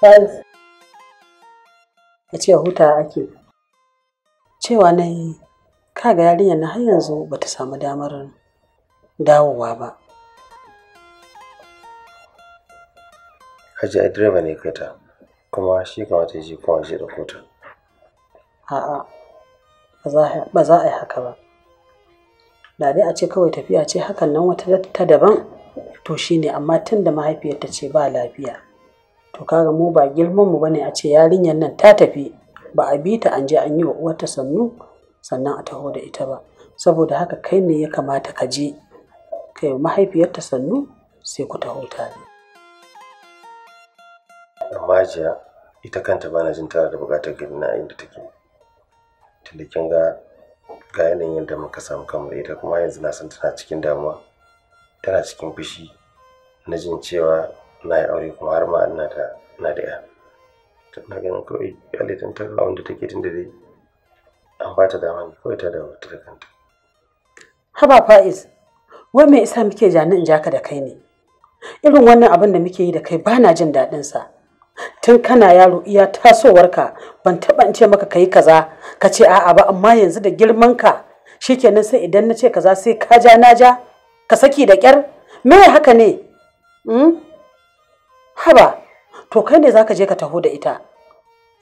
Faris, a ce huta ake. Cewa na yi, kaga yarinyar na har yanzu ba ta samu damar dawowa ba. Hajji a direba ne kata kuma shi kamata ya ji kuma shi da kota. A'a, ba za a yi haka ba. Da dai a ce kawai tafiya ce hakan nan wata ta daban to shine amma tun da mahaifiyarta ce ba lafiya. to kaga mu ba girman mu ne a ce yarinyar nan ta tafi ba a bi ta an je an yi wa uwarta sannu sannan a taho da ita ba saboda haka kai ne ya kamata ka je kai mahaifiyarta sannu sai ku taho tare amma jiya ita kanta ba na jin tara da bukatar gani na inda take tunda kin ga ga yanayin yadda muka samu kanmu da ita kuma yanzu na san tana cikin damuwa tana cikin fushi na jin cewa na yi aure kuma har ma ina ta na da ya na ganin kawai halittar ta ga wanda take tun da dai an ba ta dama ne kawai ta dawo ta kanta haba fa'iz wai me isa muke jani in jaka da kai ne irin wannan abin da muke yi da kai ba na jin daɗin sa tun kana yaro iya tasowarka ban taɓa in ce maka kayi kaza ka ce a'a ba amma yanzu da girman ka shikenan sai idan na ce kaza sai ka ja na ja ka saki da ƙyar me haka ne hmm? ba to kai ne zaka je ka taho da ita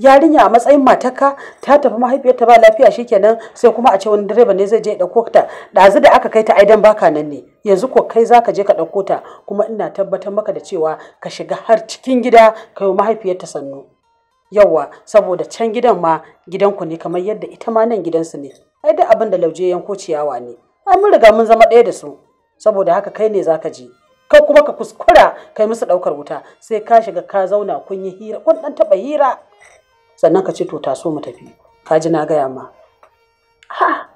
yarinya a matsayin matarka ta tafi mahaifiyarta ba lafiya shikenan sai kuma a ce wani direba ne zai je ya ta ɗazu da aka kai ta aidan baka nan ne yanzu ko kai zaka je ka ɗauko ta kuma ina tabbatar maka da cewa ka shiga har cikin gida ka yi mahaifiyarta sannu yawa saboda can gidan ma gidanku ne kamar yadda ita ma nan gidansu ne ai da abin da lauje yanko ciyawa ne an mun riga mun zama ɗaya da su saboda haka kai ne zaka je ka kuma ka kuskura kai musu ɗaukar wuta sai ka shiga ka zauna kun yi hira kun ɗan taɓa hira sannan ka ce to taso mu tafi ka ji na gaya ma ha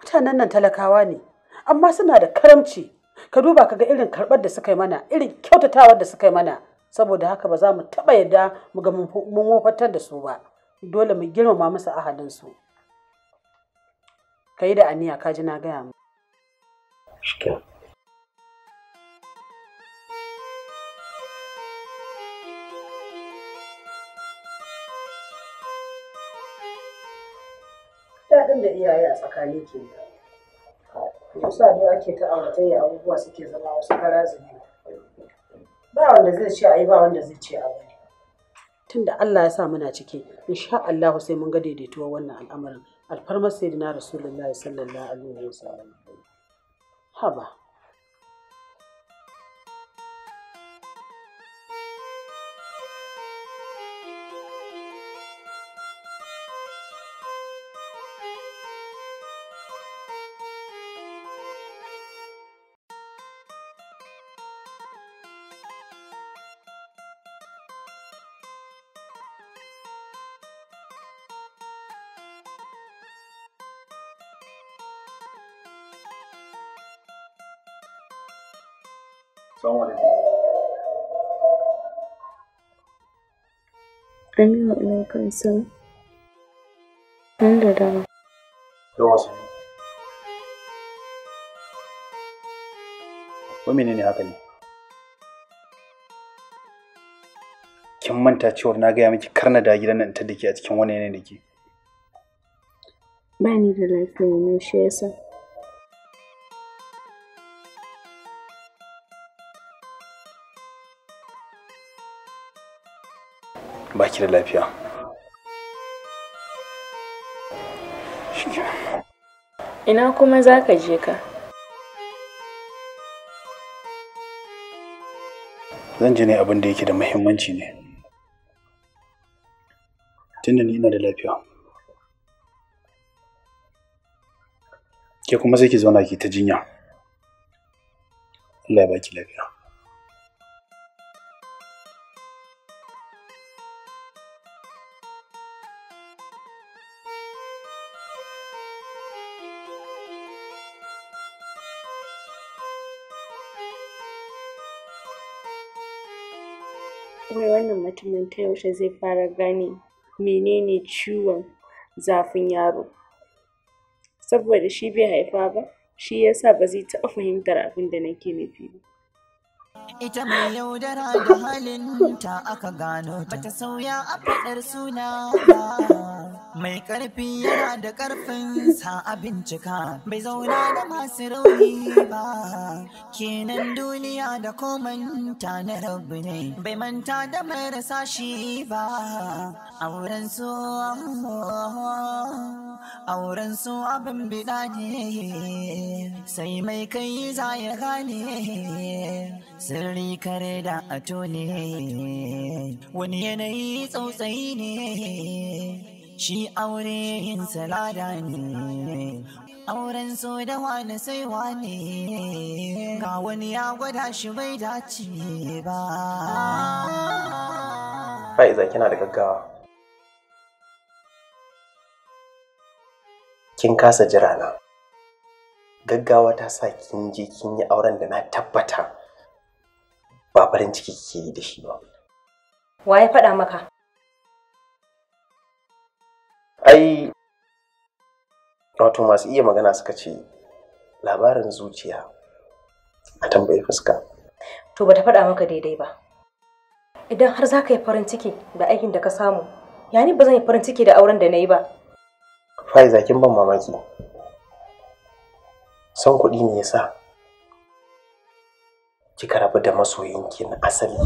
mutanen nan talakawa ne amma suna da karamci ka duba ka ga irin karbar da suka yi mana irin kyautatawar da suka yi mana saboda haka ba za mu taɓa yadda mu ga mun wofatar da su ba dole mu girmama musu ahadin su ka yi da aniya ka ji na gaya mu haɗin da iyaye a tsakani ke yasa ne ake ta ya abubuwa suke zama wasu kara zubi ba wanda zai ce ayi ba wanda zai ce a tunda Allah ya sa muna ciki insha Allah sai mun ga daidaituwa wannan al'amarin alfarmar sayyidina rasulullahi sallallahu alaihi wasallam haba Assalamu alaikum. Aminu alaikum salam. Nan da dama. Yawa sani. Ko haka ne? Kin manta cewar na gaya miki karna da gidan nan ta dake a cikin wani yanayi da ke. Ba ni da lafiya ne shi yasa. ki da lafiya ina kuma za ka je ka zan je ne abin da yake da muhimmanci ne tunda ni ina da lafiya ke kuma sai ki zauna ki ta jinya Allah ya baki lafiya kuma wannan mutumin ta yaushe zai fara gane menene ciwon zafin yaro saboda shi bai haifa ba shi yasa ba zai taɓa fahimtar abin da nake nufi ba Ita mai yaudara da ta aka gano ta sauya a faɗar suna Mai ƙarfi yana da ƙarfin sa a bincika, bai zauna da masu rauni ba. Kenan duniya da komanta na rabu ne, bai manta da marasa shi ba. Auren su auren su abin bida ne, sai mai kai za ya gane. Sirri kare da ato ne, wani yanayi tsautsayi ne. shi aure yin salada ne auren so da wani sai wani ga wani ya gwada shi bai dace ba fa'iza kina da gaggawa kin kasa jira na gaggawa ta sa kin je kin yi auren da na tabbata ba farin ciki kike yi da shi ba wa ya faɗa maka ai wato masu iya magana suka ce labarin zuciya a tambayi fuska to bata faɗa maka daidai ba idan har za ka yi farin ciki da aikin da ka samu ya ni ba zan yi farin ciki da auren da na yi ba fai zakin ban mamaki San kuɗi ne yasa kika rabu da masoyinki na asali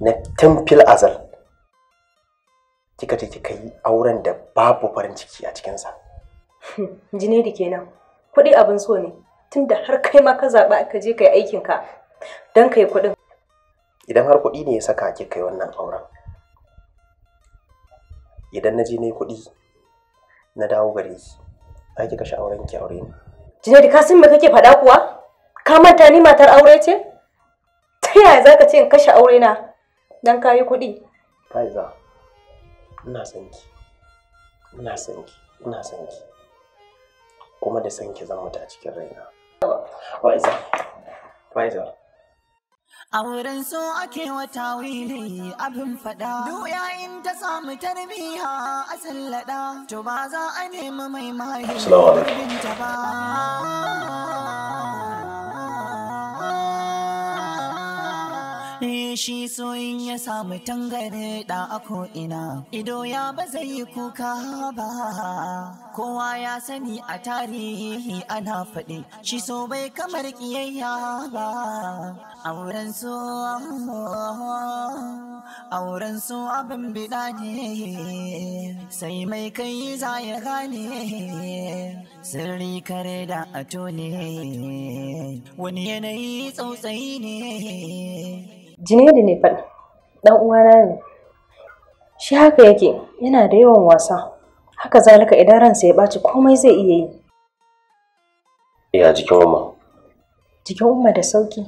na temple azal kika je kika yi auren da babu farin ciki a cikinsa. Hmm, da kenan, kuɗi abin so ne, tunda har kai ma ka zaɓa ka je ka yi aikinka don ka yi kuɗin. Idan har kuɗi ne ya saka ki kai wannan auren. Idan na je na yi kuɗi, na dawo gare za ki kashe auren ki aure ni. Jineri ka san me kake faɗa kuwa? Ka manta ni matar aure ce? Ta yaya za ka ce in kashe aure na don ka yi kuɗi? Faiza. ina son ki ina son ki ina son ki kuma da son ki zan mutu cikin raina wa'iza wa'iza A wurin so ake wata wili abin fada. Duk in ta samu tarbiya a sallada, to ba za a nemi mai mahaifin ba. shi soyin ya samu tangare da a ko'ina ido ya ba zai yi kuka ba kowa ya sani a tarihi ana faɗi shi so bai kamar kiyayya ba auren su auren su abin bida ne sai mai kai za ya gane sirri kare da ato ne wani yanayi tsautsayi ne jinidi ne faɗi, Dan uwana ne. Shi haka yake, yana da yawan wasa. Haka zalika idan ransa ya ɓaci komai zai iya yi. Ya jikin umma? Jikin umma da sauki.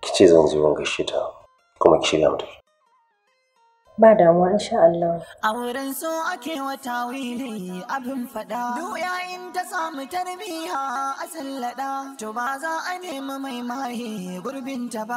Ki zan zo in ta, kuma ki shirya mu Ba damuwa insha Allah. A wurin so ake wata wili abin fada. Duk yayin ta samu tarbiya a sallada. To ba za a nemi mai maye gurbin ta ba.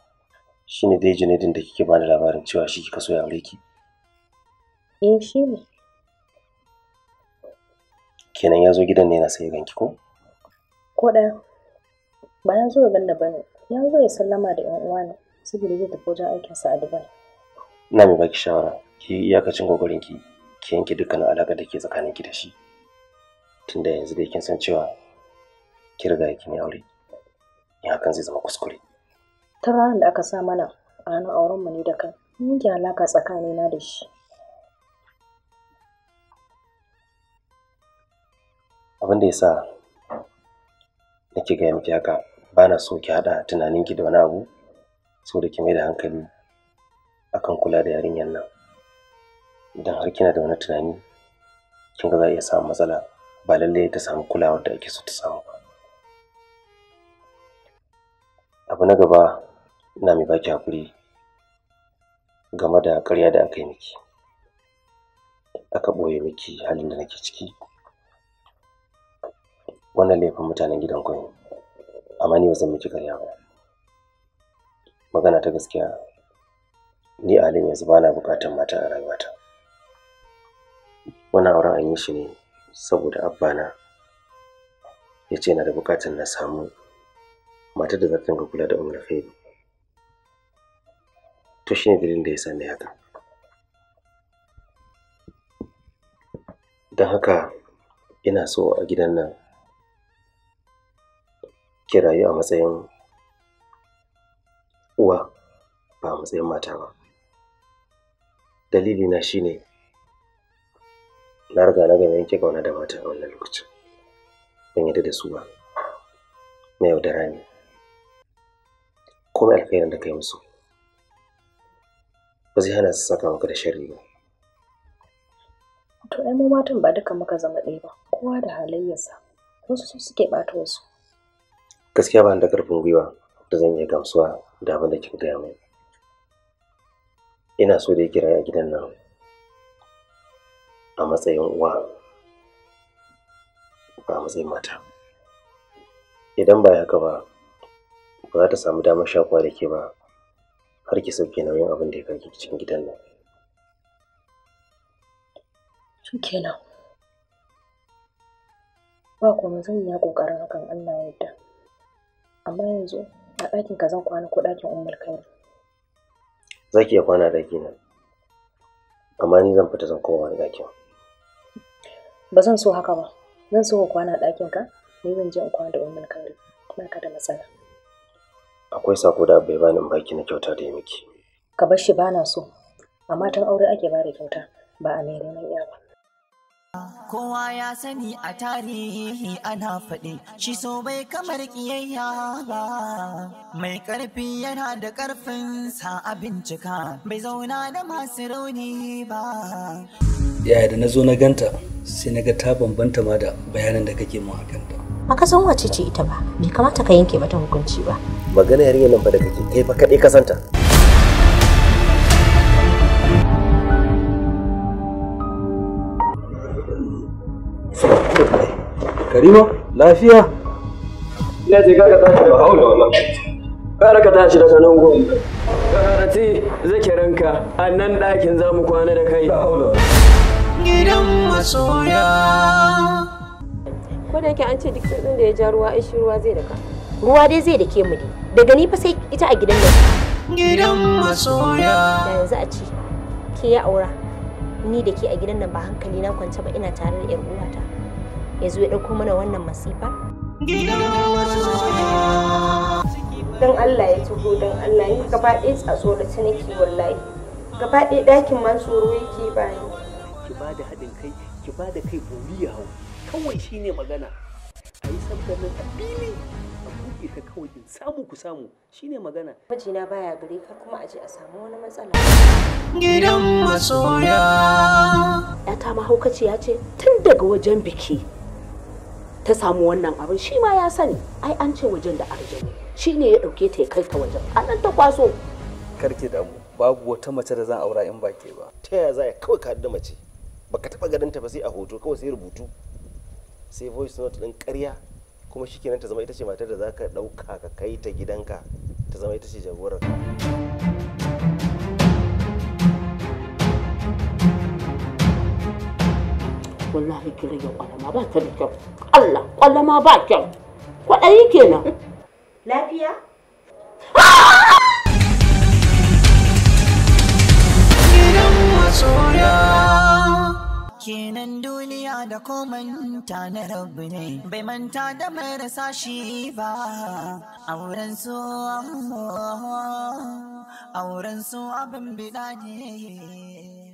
shine dai Junaidin da kike bani labarin cewa shi kika so ya aure ki eh ne. kenan ya zo gidan ne yana sai ganki ko ko da ba ya zo ya ganna bane ya zo ya sallama da yan uwa ne saboda zai tafi wajen aikinsa a Dubai ina mai baki shawara ki iyakacin kokarin ki ki yanke dukkanin alaƙar da ke tsakanin ki da shi tunda yanzu dai kin san cewa ki riga ne aure in hakan zai zama kuskure ta ranar da aka sa mana a ranar aurenmu ne da kai yanke alaka tsakanina da shi abin da ya sa nake gaya miki haka ba na so ki haɗa tunaninki da wani abu so da ki mai da hankali akan kula da yarinyar nan idan har kina da wani tunani kin ga za a iya samun matsala ba lallai ta samu kulawar da ake so ta samu ba abu na gaba ina mai baki hakuri game da ƙarya da aka yi miki aka ɓoye miki halin da nake ciki wannan laifin mutanen gidan ku ne amma ni ba zan miki ƙarya ba magana ta gaskiya ni a halin yanzu bana buƙatar mata a rayuwata wannan auren an yi shi ne saboda abbana ya ce yana da buƙatar na samu matar da za ta dinga kula da umar to shine dalilin da ya sani haka don haka ina so a gidan nan ki rayu a matsayin uwa ba a matsayin mata ba dalilina shine na riga na gama yanke kauna da mata a wannan lokacin ban yadda da su ba na yaudara ne komai alkhairin da kai musu ba zai hana su saka maka da sharri ba to ai mu matan ba duka muka zama ɗaya ba kowa da halayyarsa wasu su suke ɓata wasu gaskiya ba da ƙarfin gwiwa da zan iya gamsuwa da abin da kika gaya mai. ina so da ya kira a gidan nan a matsayin uwa ba matsayin mata idan ba haka ba ba za ta samu damar shakuwa da ke ba har ki sauke nauyin abin da ya kai cikin gidan nan shi kenan ba kuma zan yi kokarin hakan Allah ya yarda amma yanzu a ɗakin ka zan kwana ko ɗakin ummul kai za ki iya kwana ɗaki nan, amma ni zan fita zan koma wani ɗakin ba zan so haka ba zan so ka kwana ɗakin ka ni zan je in kwana da ummul kai ba ka da matsala akwai sako da bai bani baki na kyauta da ya miki ka bar shi bana so a matan aure ake ba da kyauta ba a mai neman iya ba Kowa ya sani a tarihi ana faɗi, shi so bai kamar kiyayya ba. Mai ƙarfi yana da ƙarfin sa a bincika, bai zauna da masu rauni ba. Yaya da na zo na ganta, sai na ga ta bambanta ma da bayanan da kake mu a kanta. baka san wace ce ita ba bai kamata ka yanke mata hukunci ba magana yarinya nan fa da kake kai fa kadai ka santa Karima lafiya ina je ka tashi da haula wallahi kara ka tashi daga nan gon karati zake ranka a nan ɗakin za mu kwana da kai gidan masoya ko da yake an ce duk tsirrin da ya ja ruwa ai shi ruwa zai ka. ruwa dai zai dake mu ne daga ni fa sai ita a gidan nan gidan masoya da yanzu a ce ke ya aura ni da ke a gidan nan ba hankali na kwance ba ina tare da yar uwata ya zo ya dauko mana wannan masifa gidan masoya dan Allah ya tugo dan Allah ni gaba ɗaya tsatso da ciniki wallahi gaba ɗaya ɗakin man tsoro yake bani ki ba da haɗin kai ki ba da kai buri ya hau kawai shine magana a yi sabgar a a buɗe ta kawai in samu ku samu shine magana Majina baya gare kar kuma a je a samu wani matsala gidan masoya ya ta mahaukaci ya ce tun daga wajen biki ta samu wannan abin shi ma ya sani ai an ce wajen da arjini shine ya ɗauke ta ya kai ta wajen a nan ta kwaso karki damu babu wata mace da zan aura in ba ke ba ta yaya za ya kawai ka da mace baka taba ganin ta ba sai a hoto kawai sai rubutu sai voice note din ƙarya kuma shikenan ta zama ita ce matar da za ka ɗauka ka kai ta gidanka ta zama ita ce jagorar wallahi kira ya kwalama ba ta da kyau Allah kwalama ba kyau kwaɗayi kenan lafiya yeah. kenan duniya da komanta na rabu ne bai manta da marasa shi ba auren su auren su abin bida ne